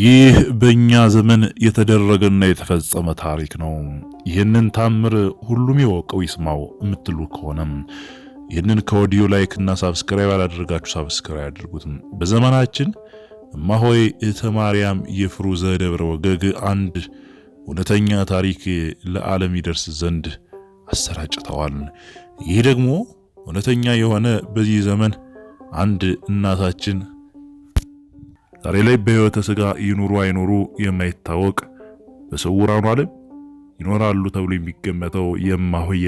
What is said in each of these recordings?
ይህ በእኛ ዘመን የተደረገና የተፈጸመ ታሪክ ነው። ይህንን ታምር ሁሉም የወቀው ይስማው የምትሉ ከሆነም ይህንን ከወዲዮ ላይክና ሳብስክራይብ አላደረጋችሁ ሳብስክራይብ አድርጉትም። በዘመናችን እማሆይ እህተ ማርያም የፍሩዘ ደብረ ወገግ አንድ እውነተኛ ታሪክ ለዓለም ይደርስ ዘንድ አሰራጭተዋል። ይህ ደግሞ እውነተኛ የሆነ በዚህ ዘመን አንድ እናታችን ዛሬ ላይ በህይወተ ስጋ ይኑሩ አይኑሩ የማይታወቅ በስውራኑ ዓለም ይኖራሉ ተብሎ የሚገመተው የማሆይ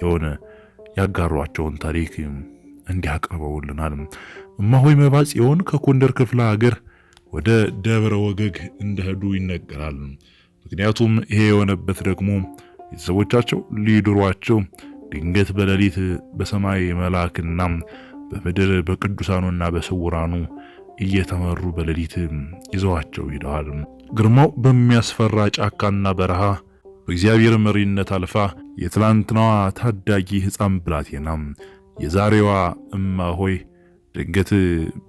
የሆነ ያጋሯቸውን ታሪክ እንዲያቀርበውልናል። እማሆይ የሆን ከኮንደር ክፍለ ሀገር ወደ ደብረ ወገግ እንደሄዱ ይነገራል። ምክንያቱም ይሄ የሆነበት ደግሞ ቤተሰቦቻቸው ሊድሯቸው ድንገት በሌሊት በሰማይ መልአክና በምድር በቅዱሳኑና በስውራኑ እየተመሩ በሌሊት ይዘዋቸው ሂደዋል። ግርማው በሚያስፈራ ጫካና በረሃ በእግዚአብሔር መሪነት አልፋ የትላንትናዋ ታዳጊ ሕፃን ብላቴና የዛሬዋ እማ ሆይ ድንገት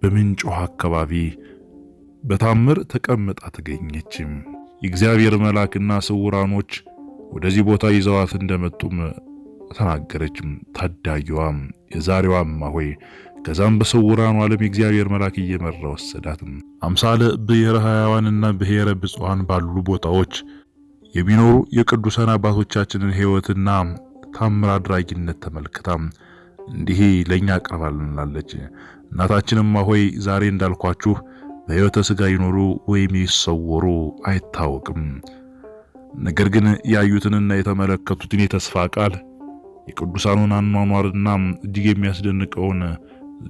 በምንጭ ውሃ አካባቢ በታምር ተቀምጣ ተገኘች። የእግዚአብሔር መልአክና ስውራኖች ወደዚህ ቦታ ይዘዋት እንደመጡም ተናገረች። ታዳጊዋ የዛሬዋ እማ ሆይ ከዛም በሰውራኑ ዓለም የእግዚአብሔር መልአክ እየመራ ወሰዳትም። አምሳለ ብሔረ ሕያዋንና ብሔረ ብፁዓን ባሉ ቦታዎች የሚኖሩ የቅዱሳን አባቶቻችንን ሕይወትና ታምር አድራጊነት ተመልክታ እንዲህ ለኛ አቀርባልናለች። እናታችንማ ሆይ ዛሬ እንዳልኳችሁ በሕይወተ ሥጋ ይኖሩ ወይም ይሰወሩ አይታወቅም። ነገር ግን ያዩትንና የተመለከቱትን የተስፋ ቃል የቅዱሳኑን አኗኗርና እጅግ የሚያስደንቀውን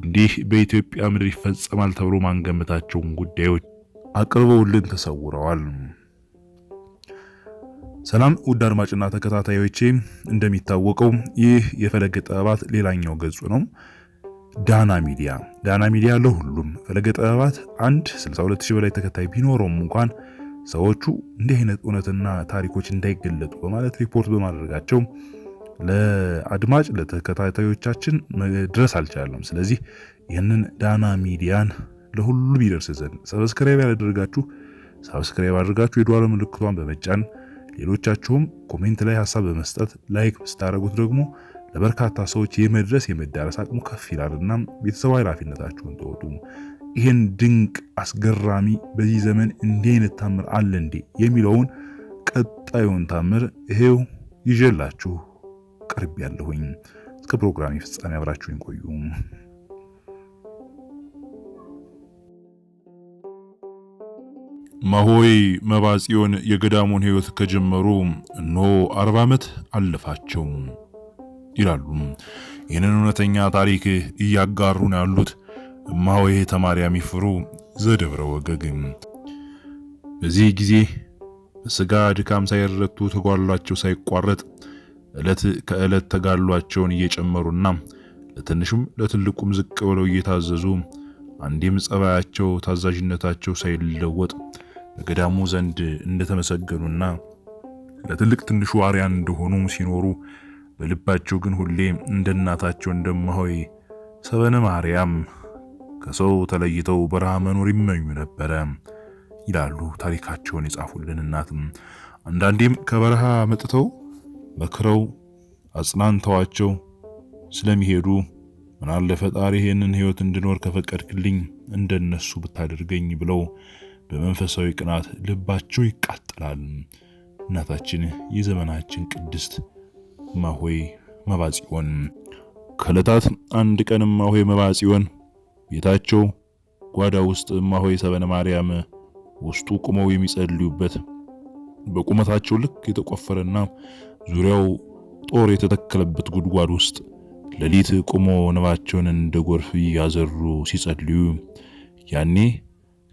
እንዲህ በኢትዮጵያ ምድር ይፈጸማል ተብሎ ማንገምታቸውን ጉዳዮች አቅርበውልን ተሰውረዋል። ሰላም ውድ አድማጭና ተከታታዮቼ፣ እንደሚታወቀው ይህ የፈለገ ጥበባት ሌላኛው ገጹ ነው። ዳና ሚዲያ ዳና ሚዲያ ለሁሉም ፈለገ ጥበባት አንድ 62000 በላይ ተከታይ ቢኖረውም እንኳን ሰዎቹ እንዲህ አይነት እውነትና ታሪኮች እንዳይገለጡ በማለት ሪፖርት በማድረጋቸው ለአድማጭ ለተከታታዮቻችን መድረስ አልቻለም። ስለዚህ ይህንን ዳና ሚዲያን ለሁሉም ይደርስ ዘንድ ሰብስክራይብ ያላደረጋችሁ ሰብስክራይብ አድርጋችሁ የደወል ምልክቷን በመጫን ሌሎቻችሁም ኮሜንት ላይ ሀሳብ በመስጠት ላይክ ስታደረጉት ደግሞ ለበርካታ ሰዎች የመድረስ የመዳረስ አቅሙ ከፍ እና ቤተሰባዊ ኃላፊነታችሁን ተወጡ። ይህን ድንቅ አስገራሚ በዚህ ዘመን እንዲህ አይነት ታምር አለ እንዴ የሚለውን ቀጣዩን ታምር ይሄው ይዤላችሁ ቅርብ ያለሁኝ። እስከ ፕሮግራሜ ፍጻሜ አብራችሁኝ ቆዩ። ማሆይ መባጽዮን የገዳሙን ሕይወት ከጀመሩ እነሆ አርባ ዓመት አለፋቸው ይላሉ። ይህንን እውነተኛ ታሪክ እያጋሩን ያሉት እማሆይ ተማርያም ይፍሩ ዘደብረ ወገግ። በዚህ ጊዜ በስጋ ድካም ሳይረቱ ተጓሏቸው ሳይቋረጥ ዕለት ከዕለት ተጋድሏቸውን እየጨመሩና ለትንሹም ለትልቁም ዝቅ ብለው እየታዘዙ አንዴም ጸባያቸው፣ ታዛዥነታቸው ሳይለወጥ በገዳሙ ዘንድ እንደተመሰገኑና ለትልቅ ትንሹ አርያ እንደሆኑ ሲኖሩ በልባቸው ግን ሁሌ እንደ እናታቸው እንደማሆይ ሰበነ ማርያም ከሰው ተለይተው በረሃ መኖር ይመኙ ነበረ ይላሉ ታሪካቸውን የጻፉልን እናትም። አንዳንዴም ከበረሃ መጥተው መክረው አጽናንተዋቸው ስለሚሄዱ ምናለ ፈጣሪ ይሄንን ህይወት እንድኖር ከፈቀድክልኝ እንደነሱ ብታደርገኝ ብለው በመንፈሳዊ ቅናት ልባቸው ይቃጠላል። እናታችን የዘመናችን ቅድስት ማሆይ መባጽዮን ከዕለታት አንድ ቀን ማሆይ መባጽዮን ቤታቸው ጓዳ ውስጥ ማሆይ ሰበነ ማርያም ውስጡ ቁመው የሚጸልዩበት በቁመታቸው ልክ የተቆፈረና ዙሪያው ጦር የተተከለበት ጉድጓድ ውስጥ ሌሊት ቆሞ ነባቸውን እንደ ጎርፍ እያዘሩ ሲጸልዩ ያኔ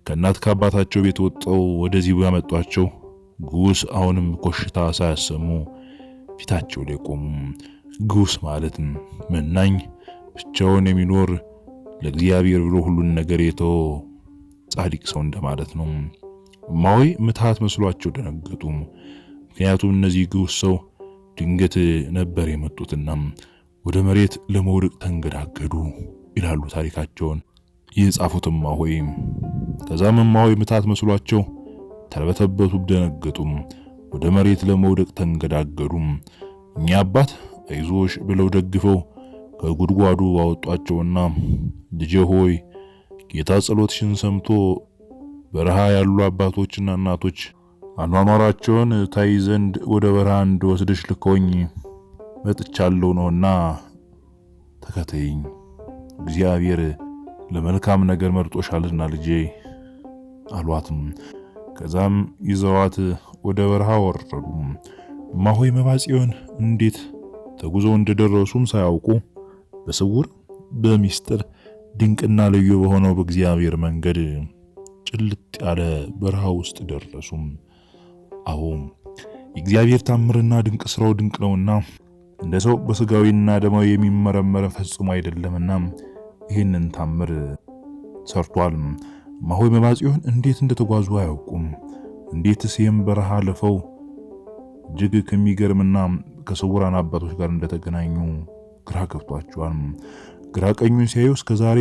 ከእናት ከአባታቸው ቤት ወጥተው ወደዚህ ያመጧቸው ግዑስ አሁንም ኮሽታ ሳያሰሙ ፊታቸው ላይ ቆሙ። ግዑስ ማለት መናኝ፣ ብቻውን የሚኖር ለእግዚአብሔር ብሎ ሁሉን ነገር የተወ ጻድቅ ሰው እንደማለት ነው። እማዊ ምትሃት መስሏቸው ደነገጡ። ምክንያቱም እነዚህ ግዑስ ሰው ድንገት ነበር የመጡትና ወደ መሬት ለመውደቅ ተንገዳገዱ ይላሉ ታሪካቸውን የጻፉት እማሆይ። ከዛም እማሆይ ምታት መስሏቸው ተርበተበቱ፣ ደነገጡም፣ ወደ መሬት ለመውደቅ ተንገዳገዱም። እኛ አባት አይዞሽ ብለው ደግፈው ከጉድጓዱ አወጧቸውና ልጄ ሆይ ጌታ ጸሎትሽን ሰምቶ በረሃ ያሉ አባቶችና እናቶች አኗኗራቸውን ታይ ዘንድ ወደ በረሃ እንድወስድሽ ልኮኝ መጥቻለሁ ነውና ተከተይኝ። እግዚአብሔር ለመልካም ነገር መርጦሻልና ልጄ አሏትም። ከዛም ይዘዋት ወደ በረሃ ወረዱ። ማሆይ መባጽዮን እንዴት ተጉዘው እንደደረሱም ሳያውቁ በስውር በሚስጥር ድንቅና ልዩ በሆነው በእግዚአብሔር መንገድ ጭልጥ ያለ በረሃ ውስጥ ደረሱም። አዎ የእግዚአብሔር ታምርና ድንቅ ስራው ድንቅ ነውና እንደ ሰው በስጋዊና ደማዊ የሚመረመረ ፈጽሞ አይደለምና ይህንን ታምር ሰርቷል። ማሆይ መባጽዮን እንዴት እንደተጓዙ አያውቁም። እንዴትስ ይህም በረሃ ልፈው እጅግ ከሚገርምና ከስውራን አባቶች ጋር እንደተገናኙ ግራ ገብቷቸዋል። ግራ ቀኙን ሲያዩ እስከዛሬ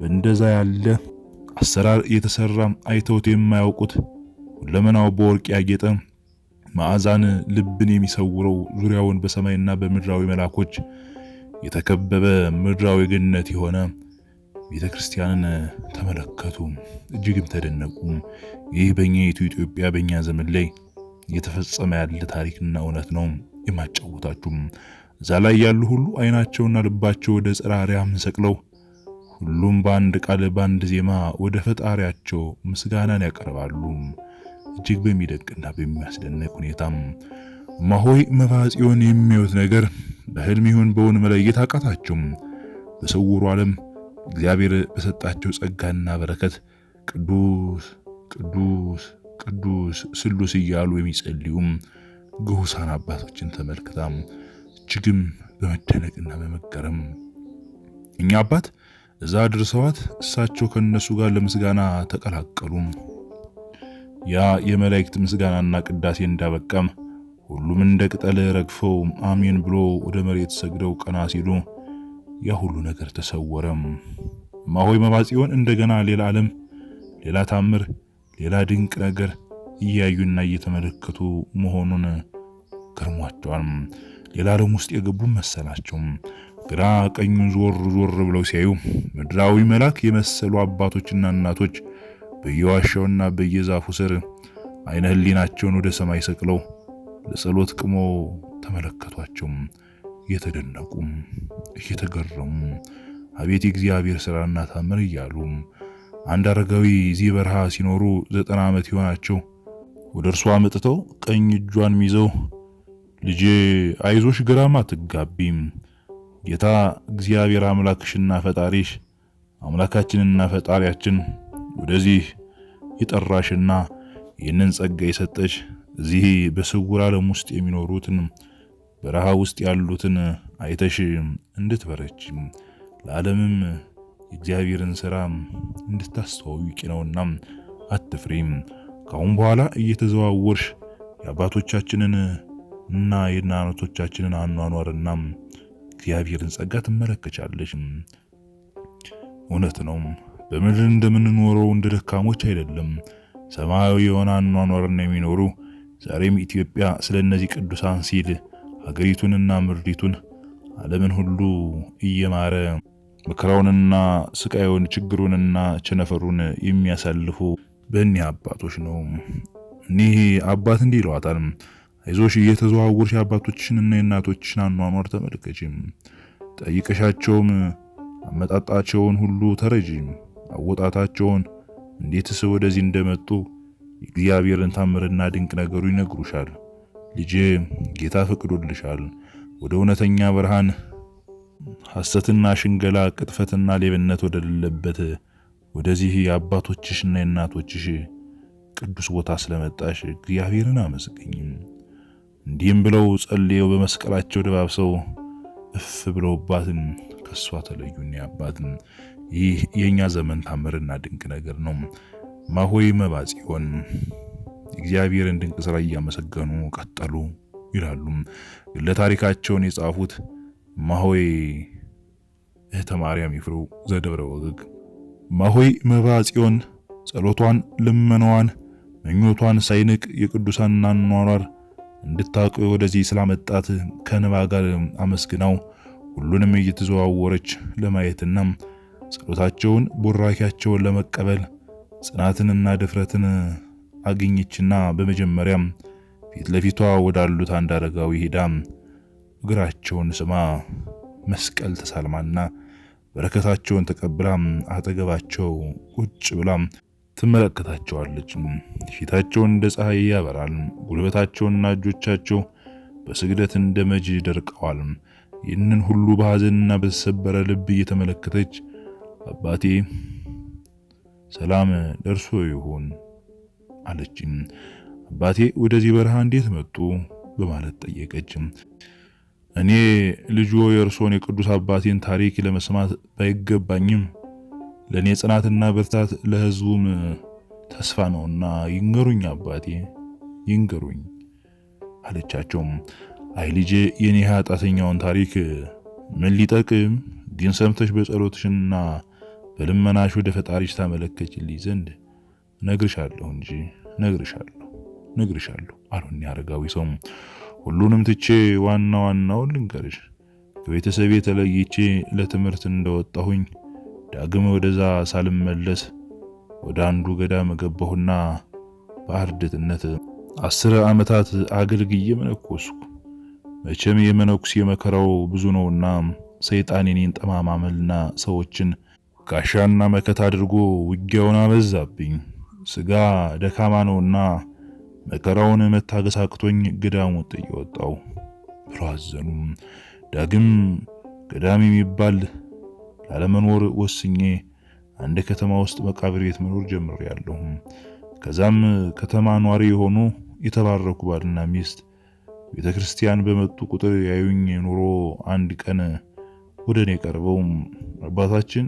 በእንደዛ ያለ አሰራር የተሰራ አይተውት የማያውቁት ሁለመናው በወርቅ ያጌጠ ማዕዛን ልብን የሚሰውረው ዙሪያውን በሰማይና በምድራዊ መላኮች የተከበበ ምድራዊ ገነት የሆነ ቤተ ክርስቲያንን ተመለከቱ፣ እጅግም ተደነቁ። ይህ በእኛይቱ ኢትዮጵያ በእኛ ዘመን ላይ እየተፈጸመ ያለ ታሪክና እውነት ነው የማጫወታችሁም። እዛ ላይ ያሉ ሁሉ አይናቸውና ልባቸው ወደ ጽርሐ አርያም ሰቅለው ሁሉም በአንድ ቃል በአንድ ዜማ ወደ ፈጣሪያቸው ምስጋናን ያቀርባሉ። እጅግ በሚደንቅና በሚያስደንቅ ሁኔታም ማሆይ መባጽዮን የሚያዩት ነገር በህልም ይሁን በውን መለየት አቃታቸው። በስውሩ ዓለም እግዚአብሔር በሰጣቸው ጸጋና በረከት ቅዱስ ቅዱስ ቅዱስ ስሉስ እያሉ የሚጸልዩም ግሁሳን አባቶችን ተመልክታ እጅግም በመደነቅና በመገረም እኛ አባት እዛ ድርሰዋት እሳቸው ከነሱ ጋር ለምስጋና ተቀላቀሉም። ያ የመላእክት ምስጋናና ቅዳሴ እንዳበቃም ሁሉም እንደ ቅጠል ረግፈው አሜን ብሎ ወደ መሬት ሰግደው ቀና ሲሉ ያ ሁሉ ነገር ተሰወረም። ማሆይ መባጽዮን እንደገና ሌላ ዓለም፣ ሌላ ታምር፣ ሌላ ድንቅ ነገር እያዩና እየተመለከቱ መሆኑን ገርሟቸዋል። ሌላ ዓለም ውስጥ የገቡ መሰላቸው። ግራ ቀኙን ዞር ዞር ብለው ሲያዩ ምድራዊ መልአክ የመሰሉ አባቶችና እናቶች በየዋሻውና በየዛፉ ስር አይነ ህሊናቸውን ወደ ሰማይ ሰቅለው ለጸሎት ቅሞ ተመለከቷቸውም። እየተደነቁም እየተገረሙ አቤት የእግዚአብሔር ስራና ታምር እያሉ አንድ አረጋዊ እዚህ በረሃ ሲኖሩ ዘጠና ዓመት የሆናቸው ወደ እርሷ መጥተው ቀኝ እጇን ይዘው ልጄ አይዞሽ፣ ግራም አትጋቢም። ጌታ እግዚአብሔር አምላክሽና ፈጣሪሽ አምላካችንና ፈጣሪያችን ወደዚህ የጠራሽና ይህንን ጸጋ የሰጠሽ እዚህ በስውር ዓለም ውስጥ የሚኖሩትን በረሃ ውስጥ ያሉትን አይተሽ እንድትበረች ለዓለምም የእግዚአብሔርን ስራ እንድታስተዋውቂ ነውና አትፍሪም። ካሁን በኋላ እየተዘዋወርሽ የአባቶቻችንን እና የእናቶቻችንን አኗኗርና እግዚአብሔርን ጸጋ ትመለከቻለሽ። እውነት ነው። በምድር እንደምንኖረው እንደ ደካሞች አይደለም። ሰማያዊ የሆነ አኗኗርን የሚኖሩ ዛሬም ኢትዮጵያ ስለ እነዚህ ቅዱሳን ሲል ሀገሪቱንና ምድሪቱን ዓለምን ሁሉ እየማረ መከራውንና ስቃዩን ችግሩንና ቸነፈሩን የሚያሳልፉ በእኒህ አባቶች ነው። እኒህ አባት እንዲህ ይለዋታል፣ አይዞሽ እየተዘዋወርሽ የአባቶችንና የእናቶችን አኗኗር ተመልከችም፣ ጠይቀሻቸውም አመጣጣቸውን ሁሉ ተረጂም አወጣታቸውን፣ እንዴትስ ወደዚህ እንደመጡ የእግዚአብሔርን ታምርና ድንቅ ነገሩ ይነግሩሻል። ልጄ ጌታ ፈቅዶልሻል ወደ እውነተኛ ብርሃን ሐሰትና ሽንገላ ቅጥፈትና ሌብነት ወደሌለበት ወደዚህ የአባቶችሽና የእናቶችሽ ቅዱስ ቦታ ስለመጣሽ እግዚአብሔርን አመስግኝም። እንዲህም ብለው ጸልየው በመስቀላቸው ደባብሰው እፍ ብለውባትን ከሷ ተለዩኝ ያባትን ይህ የኛ ዘመን ታምርና ድንቅ ነገር ነው። ማሆይ መባጽዮን እግዚአብሔርን ድንቅ ስራ እያመሰገኑ ቀጠሉ ይላሉ ለታሪካቸውን ታሪካቸውን የጻፉት ማሆይ እህተ ማርያም ይፍሩ ዘደብረ ወግግ። ማሆይ መባጽዮን ጸሎቷን፣ ልመናዋን፣ ምኞቷን ሳይንቅ የቅዱሳን አኗኗር እንድታውቅ ወደዚህ ስላመጣት ከንባ ጋር አመስግናው ሁሉንም እየተዘዋወረች ለማየትና ጸሎታቸውን፣ ቦራኪያቸውን ለመቀበል ጽናትንና ድፍረትን አግኝችና በመጀመሪያም ፊት ለፊቷ ወዳሉት አንድ አረጋዊ ሄዳ እግራቸውን ስማ መስቀል ተሳልማና በረከታቸውን ተቀብላ አጠገባቸው ቁጭ ብላ ትመለከታቸዋለች። ፊታቸውን እንደ ፀሐይ ያበራል። ጉልበታቸውና እጆቻቸው በስግደት እንደ መጅ ደርቀዋል። ይህንን ሁሉ በሐዘንና በተሰበረ ልብ እየተመለከተች አባቴ ሰላም ደርሶ ይሆን አለችኝ። አባቴ ወደዚህ በረሃ እንዴት መጡ በማለት ጠየቀችም። እኔ ልጆ የእርሶን የቅዱስ አባቴን ታሪክ ለመስማት ባይገባኝም ለእኔ ጽናትና ብርታት ለህዝቡም ተስፋ ነውና ይንገሩኝ አባቴ ይንገሩኝ አለቻቸውም። አይ ልጄ የኔ ኃጢአተኛውን ታሪክ ምን ሊጠቅም ግን ሰምተሽ በጸሎትሽና በልመናሽ ወደ ፈጣሪሽ ታመለከችልኝ ዘንድ ነግርሻለሁ እንጂ ነግርሻለሁ ነግርሻለሁ አሉኝ። አረጋዊ ሰውም ሁሉንም ትቼ ዋና ዋናውን ልንገርሽ፣ ከቤተሰቤ ተለይቼ ለትምህርት እንደወጣሁኝ ዳግም ወደዛ ሳልመለስ ወደ አንዱ ገዳም ገባሁና በአርድትነት አስር ዓመታት አገልግዬ መነኮስኩ። መቼም የመነኩስ የመከራው ብዙ ነውና ሰይጣን የኔን ጠማማ መልና ሰዎችን ጋሻና መከታ አድርጎ ውጊያውን አበዛብኝ። ስጋ ደካማ ነውና መከራውን መታገስ አቅቶኝ ግዳም ውጥ እየወጣው ብሎ አዘኑ። ዳግም ገዳም የሚባል ላለመኖር ወስኜ አንድ ከተማ ውስጥ መቃብር ቤት መኖር ጀምሬያለሁ። ከዛም ከተማ ኗሪ የሆኑ የተባረኩ ባልና ሚስት ቤተ ክርስቲያን በመጡ ቁጥር ያዩኝ ኑሮ አንድ ቀን ወደ እኔ ቀርበው አባታችን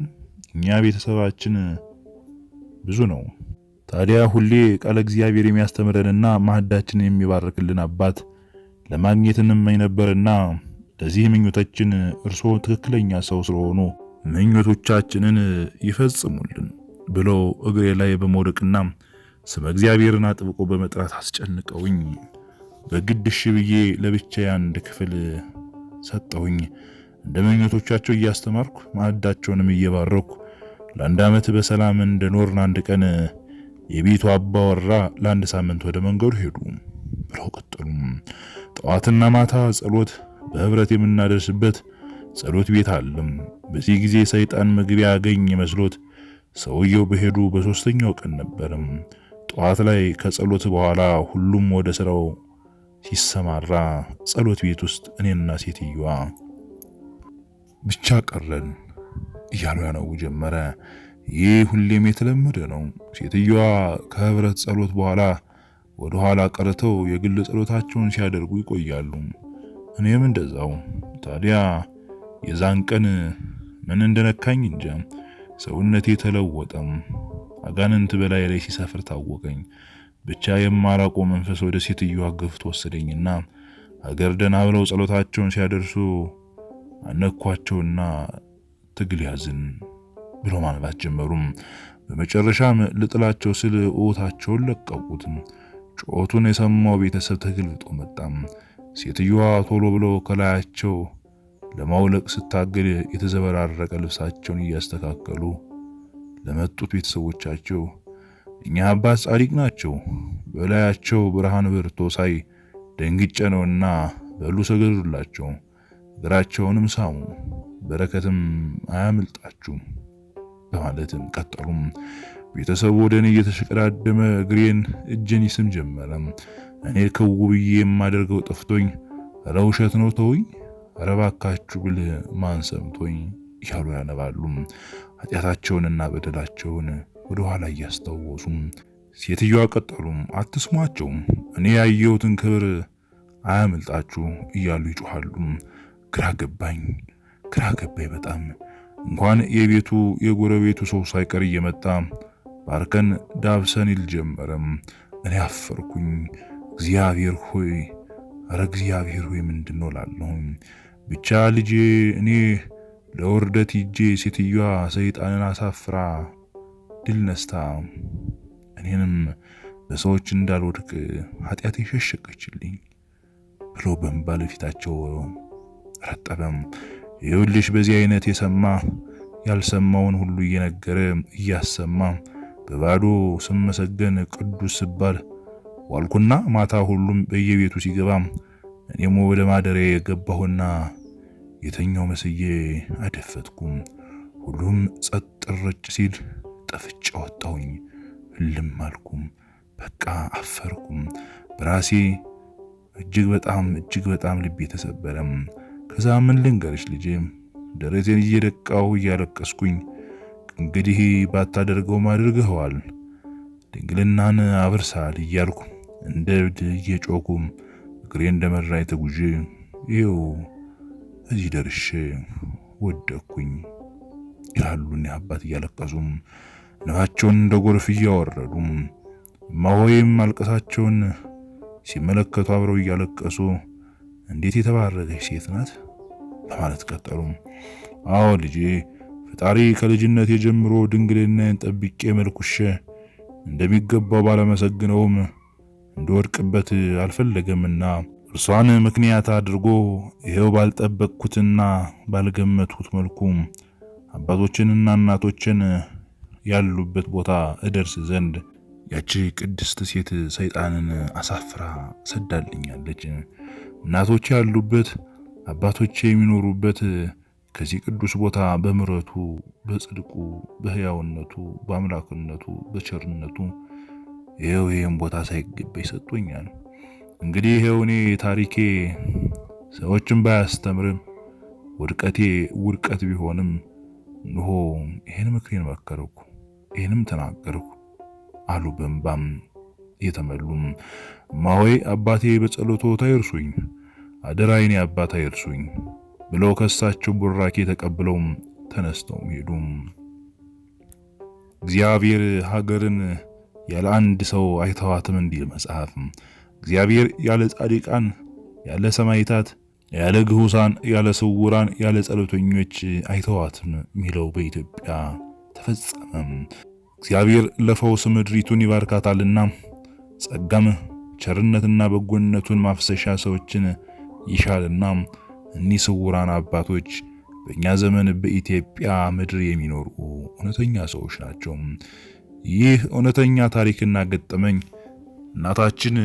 እኛ ቤተሰባችን ብዙ ነው። ታዲያ ሁሌ ቃለ እግዚአብሔር የሚያስተምረንና ማህዳችን የሚባርክልን አባት ለማግኘት እንመኝ ነበርና ለዚህ ምኞታችን እርስዎ ትክክለኛ ሰው ስለሆኑ ምኞቶቻችንን ይፈጽሙልን ብሎ እግሬ ላይ በመውደቅና ስመ እግዚአብሔርን አጥብቆ በመጥራት አስጨንቀውኝ በግድ እሺ ብዬ ለብቻ የአንድ ክፍል ሰጠውኝ። እንደ ምኞቶቻቸው እያስተማርኩ ማዕዳቸውንም እየባረኩ ለአንድ ዓመት በሰላም እንደኖርን አንድ ቀን የቤቱ አባወራ ለአንድ ሳምንት ወደ መንገዱ ሄዱ ብለው ቀጠሉ። ጠዋትና ማታ ጸሎት በህብረት የምናደርስበት ጸሎት ቤት አለም። በዚህ ጊዜ ሰይጣን መግቢያ ያገኝ መስሎት ሰውየው በሄዱ በሶስተኛው ቀን ነበርም። ጠዋት ላይ ከጸሎት በኋላ ሁሉም ወደ ስራው ሲሰማራ ጸሎት ቤት ውስጥ እኔና ሴትየዋ ብቻ ቀረን። እያሉ ያነቡ ጀመረ። ይህ ሁሌም የተለመደ ነው። ሴትየዋ ከህብረት ጸሎት በኋላ ወደ ኋላ ቀርተው የግል ጸሎታቸውን ሲያደርጉ ይቆያሉ። እኔም እንደዛው። ታዲያ የዛን ቀን ምን እንደነካኝ እንጃ ሰውነቴ ተለወጠም። አጋንንት በላይ ላይ ሲሰፍር ታወቀኝ። ብቻ የማራቆ መንፈስ ወደ ሴትዮዋ ገፍቶ ወሰደኝና ሀገር ደና ብለው ጸሎታቸውን ሲያደርሱ አነኳቸውና ትግል ያዝን ብሎ ማለት ጀመሩም። በመጨረሻም ልጥላቸው ስል እወታቸውን ለቀቁት። ጩኸቱን የሰማው ቤተሰብ ተገልብጦ መጣም። ሴትዮዋ ቶሎ ብሎ ከላያቸው ለማውለቅ ስታገል የተዘበራረቀ ልብሳቸውን እያስተካከሉ ለመጡት ቤተሰቦቻቸው እኛ አባት ጻድቅ ናቸው፣ በላያቸው ብርሃን በርቶ ሳይ ደንግጬ ነውና በሉ ሰገዱላቸው፣ እግራቸውንም ሳሙ በረከትም አያምልጣችሁም በማለትም ቀጠሉም። ቤተሰቡ ወደ እኔ እየተሸቀዳደመ እግሬን እጄን ይስም ጀመረ። እኔ ከው ብዬ የማደርገው ጠፍቶኝ ረውሸት ነው ተውኝ፣ ረባካችሁ ብል ማን ሰምቶኝ እያሉ ያነባሉ። ኃጢአታቸውንና በደላቸውን ወደኋላ እያስታወሱ ሴትዮዋ ቀጠሉም፣ አትስሟቸው፣ እኔ ያየሁትን ክብር አያመልጣችሁ እያሉ ይጮሃሉ። ግራ ገባኝ። ግራ ገባኝ በጣም እንኳን የቤቱ የጎረቤቱ ሰው ሳይቀር እየመጣ ባርከን ዳብሰን ይል ጀመረም። እኔ አፈርኩኝ። እግዚአብሔር ሆይ አረ እግዚአብሔር ሆይ ምንድን ብቻ ልጄ እኔ ለውርደት ይጄ ሴትዮዋ ሰይጣንን አሳፍራ ድል ነስታ እኔንም በሰዎች እንዳልወድቅ ኃጢአት የሸሸቀችልኝ ብሎ በእንባ ለፊታቸው ረጠበም። ይሁልሽ በዚህ አይነት የሰማ ያልሰማውን ሁሉ እየነገረ እያሰማ በባዶ ስመሰገን ቅዱስ ስባል ዋልኩና ማታ ሁሉም በየቤቱ ሲገባ እኔም ወደ ማደሪያ የገባሁና የተኛው መስዬ አደፈትኩም። ሁሉም ጸጥ ረጭ ሲል ጠፍቼ ወጣሁኝ። እልም አልኩም። በቃ አፈርኩም። በራሴ እጅግ በጣም እጅግ በጣም ልቤ ተሰበረም። ከዛ ምን ልንገርሽ ልጄም ደረቴን እየደቃሁ እያለቀስኩኝ እንግዲህ ባታደርገውም አድርገኸዋል፣ ድንግልናን አብርሳል እያልኩ እንደ እብድ እየጮኩም እግሬ እንደመራኝ ተጉዤ ይኸው እዚህ ደርሼ ወደኩኝ ይላሉ እኔ አባት እያለቀሱም እንባቸውን እንደ ጎርፍ እያወረዱም እማሆይም አልቀሳቸውን ሲመለከቱ አብረው እያለቀሱ እንዴት የተባረከች ሴት ናት በማለት ቀጠሉ። አዎ ልጄ፣ ፈጣሪ ከልጅነት የጀምሮ ድንግልናን ጠብቄ መልኩሽ እንደሚገባው ባለመሰግነውም እንደወድቅበት አልፈለገምና እርሷን ምክንያት አድርጎ ይሄው ባልጠበቅኩትና ባልገመትኩት መልኩ አባቶችንና እናቶችን ያሉበት ቦታ እደርስ ዘንድ ያቺ ቅድስት ሴት ሰይጣንን አሳፍራ ሰዳልኛለች። እናቶች ያሉበት አባቶች የሚኖሩበት ከዚህ ቅዱስ ቦታ በምረቱ በጽድቁ በሕያውነቱ በአምላክነቱ በቸርነቱ ይኸው ይህም ቦታ ሳይገባ ይሰጡኛል። እንግዲህ ይኸው እኔ ታሪኬ ሰዎችን ባያስተምርም ውድቀቴ ውድቀት ቢሆንም እንሆ ይህን ምክሬን መከርኩ፣ ይህንም ተናገርኩ አሉ በእንባም የተመሉም ማወይ አባቴ በጸሎቶት አይርሱኝ፣ አደራዬን አባት አይርሱኝ ብለው ከሳቸው ቡራኬ ተቀብለውም ተነስተውም ሄዱም። እግዚአብሔር ሀገርን ያለ አንድ ሰው አይተዋትም እንዲል መጽሐፍ። እግዚአብሔር ያለ ጻድቃን፣ ያለ ሰማይታት፣ ያለ ግሁሳን፣ ያለ ስውራን፣ ያለ ጸሎተኞች አይተዋትም የሚለው በኢትዮጵያ ተፈጸመም። እግዚአብሔር ለፈውስ ምድሪቱን ይባርካታልና ጸጋም ቸርነትና በጎነቱን ማፍሰሻ ሰዎችን ይሻልና እኒህ ስውራን አባቶች በእኛ ዘመን በኢትዮጵያ ምድር የሚኖሩ እውነተኛ ሰዎች ናቸው። ይህ እውነተኛ ታሪክና ገጠመኝ እናታችን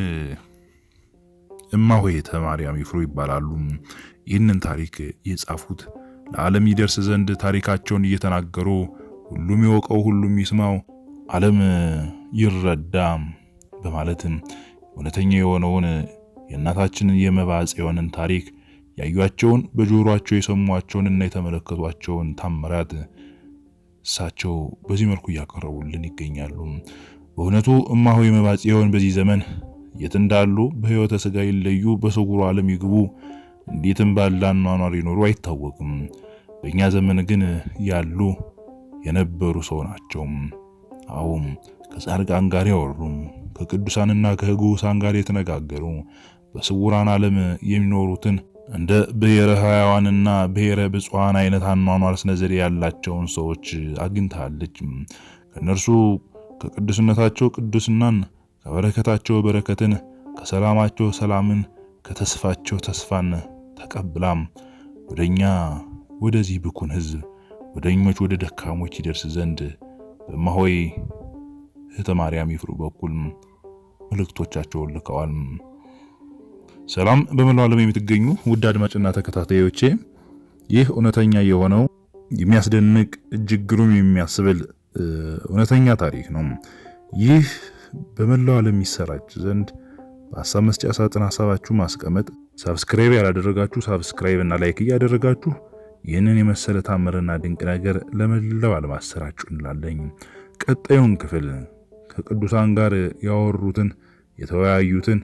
እማሆይተ ማርያም ይፍሩ ይባላሉ። ይህንን ታሪክ የጻፉት ለዓለም ይደርስ ዘንድ ታሪካቸውን እየተናገሩ ሁሉም ይወቀው፣ ሁሉም ይስማው፣ ዓለም ይረዳ በማለትም እውነተኛ የሆነውን የእናታችንን የመባ ጽዮንን ታሪክ ያዩቸውን በጆሯቸው የሰሟቸውንና የተመለከቷቸውን ታምራት እሳቸው በዚህ መልኩ እያቀረቡልን ይገኛሉ። በእውነቱ እማሆይ የመባ ጽዮን በዚህ ዘመን የት እንዳሉ በሕይወተ ሥጋ ይለዩ፣ በስውሩ ዓለም ይግቡ፣ እንዴትም ባለ አኗኗር ይኖሩ አይታወቅም። በእኛ ዘመን ግን ያሉ የነበሩ ሰው ናቸው። አሁም ከጻድቃን ጋር ያወሩም ከቅዱሳንና ከህጉሳን ጋር የተነጋገሩ በስውራን ዓለም የሚኖሩትን እንደ ብሔረ ሕያዋንና ብሔረ ብፁዓን አይነት አኗኗር ስነ ያላቸውን ሰዎች አግኝታለች። ከእነርሱ ከቅዱስነታቸው ቅዱስናን፣ ከበረከታቸው በረከትን፣ ከሰላማቸው ሰላምን፣ ከተስፋቸው ተስፋን ተቀብላም ወደኛ ወደዚህ ብኩን ህዝብ ወደኞች ወደ ደካሞች ይደርስ ዘንድ በማሆይ እህተ ማርያም ይፍሩ በኩል መልእክቶቻቸውን ልከዋል። ሰላም በመላው ዓለም የምትገኙ ውድ አድማጭና ተከታታዮቼ ይህ እውነተኛ የሆነው የሚያስደንቅ እጅግ ግሩም የሚያስብል እውነተኛ ታሪክ ነው። ይህ በመላው ዓለም ይሰራጭ ዘንድ በሀሳብ መስጫ ሳጥን ሀሳባችሁ ማስቀመጥ፣ ሳብስክራይብ ያላደረጋችሁ ሳብስክራይብ እና ላይክ እያደረጋችሁ ይህንን የመሰለ ታምርና ድንቅ ነገር ለመላው ዓለም አሰራጩ እንላለን። ቀጣዩን ክፍል ከቅዱሳን ጋር ያወሩትን የተወያዩትን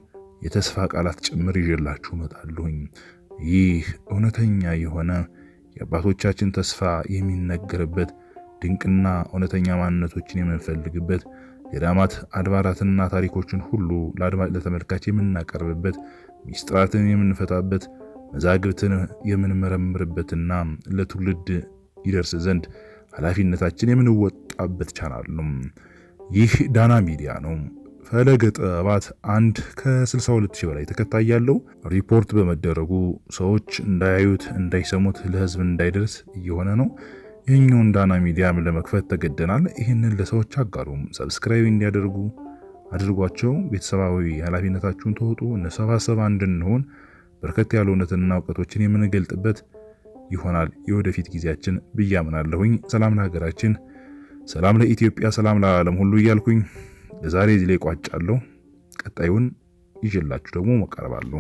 የተስፋ ቃላት ጭምር ይዤላችሁ መጣለሁኝ። ይህ እውነተኛ የሆነ የአባቶቻችን ተስፋ የሚነገርበት ድንቅና እውነተኛ ማንነቶችን የምንፈልግበት ገዳማት አድባራትና ታሪኮችን ሁሉ ለአድማጭ ለተመልካች የምናቀርብበት ሚስጥራትን የምንፈታበት መዛግብትን የምንመረምርበትና ለትውልድ ይደርስ ዘንድ ኃላፊነታችን የምንወጣበት ቻናል ነው። ይህ ዳና ሚዲያ ነው። ፈለገ ጥበባት አንድ ከ ሺህ በላይ ተከታይ ያለው ሪፖርት በመደረጉ ሰዎች እንዳያዩት እንዳይሰሙት ለህዝብ እንዳይደርስ እየሆነ ነው። ይህኛውን ዳና ሚዲያም ለመክፈት ተገደናል። ይህንን ለሰዎች አጋሩም፣ ሰብስክራይብ እንዲያደርጉ አድርጓቸው። ቤተሰባዊ ኃላፊነታችሁን ተወጡ። እንሰባሰብ፣ እንድንሆን በርከት ያሉ እውነትና እውቀቶችን የምንገልጥበት ይሆናል የወደፊት ጊዜያችን ብዬ አምናለሁኝ። ሰላም ለሀገራችን ሰላም ለኢትዮጵያ፣ ሰላም ለዓለም ሁሉ እያልኩኝ ለዛሬ እዚህ ላይ ቋጫለሁ። ቀጣዩን ይዤላችሁ ደግሞ መቀርባለሁ።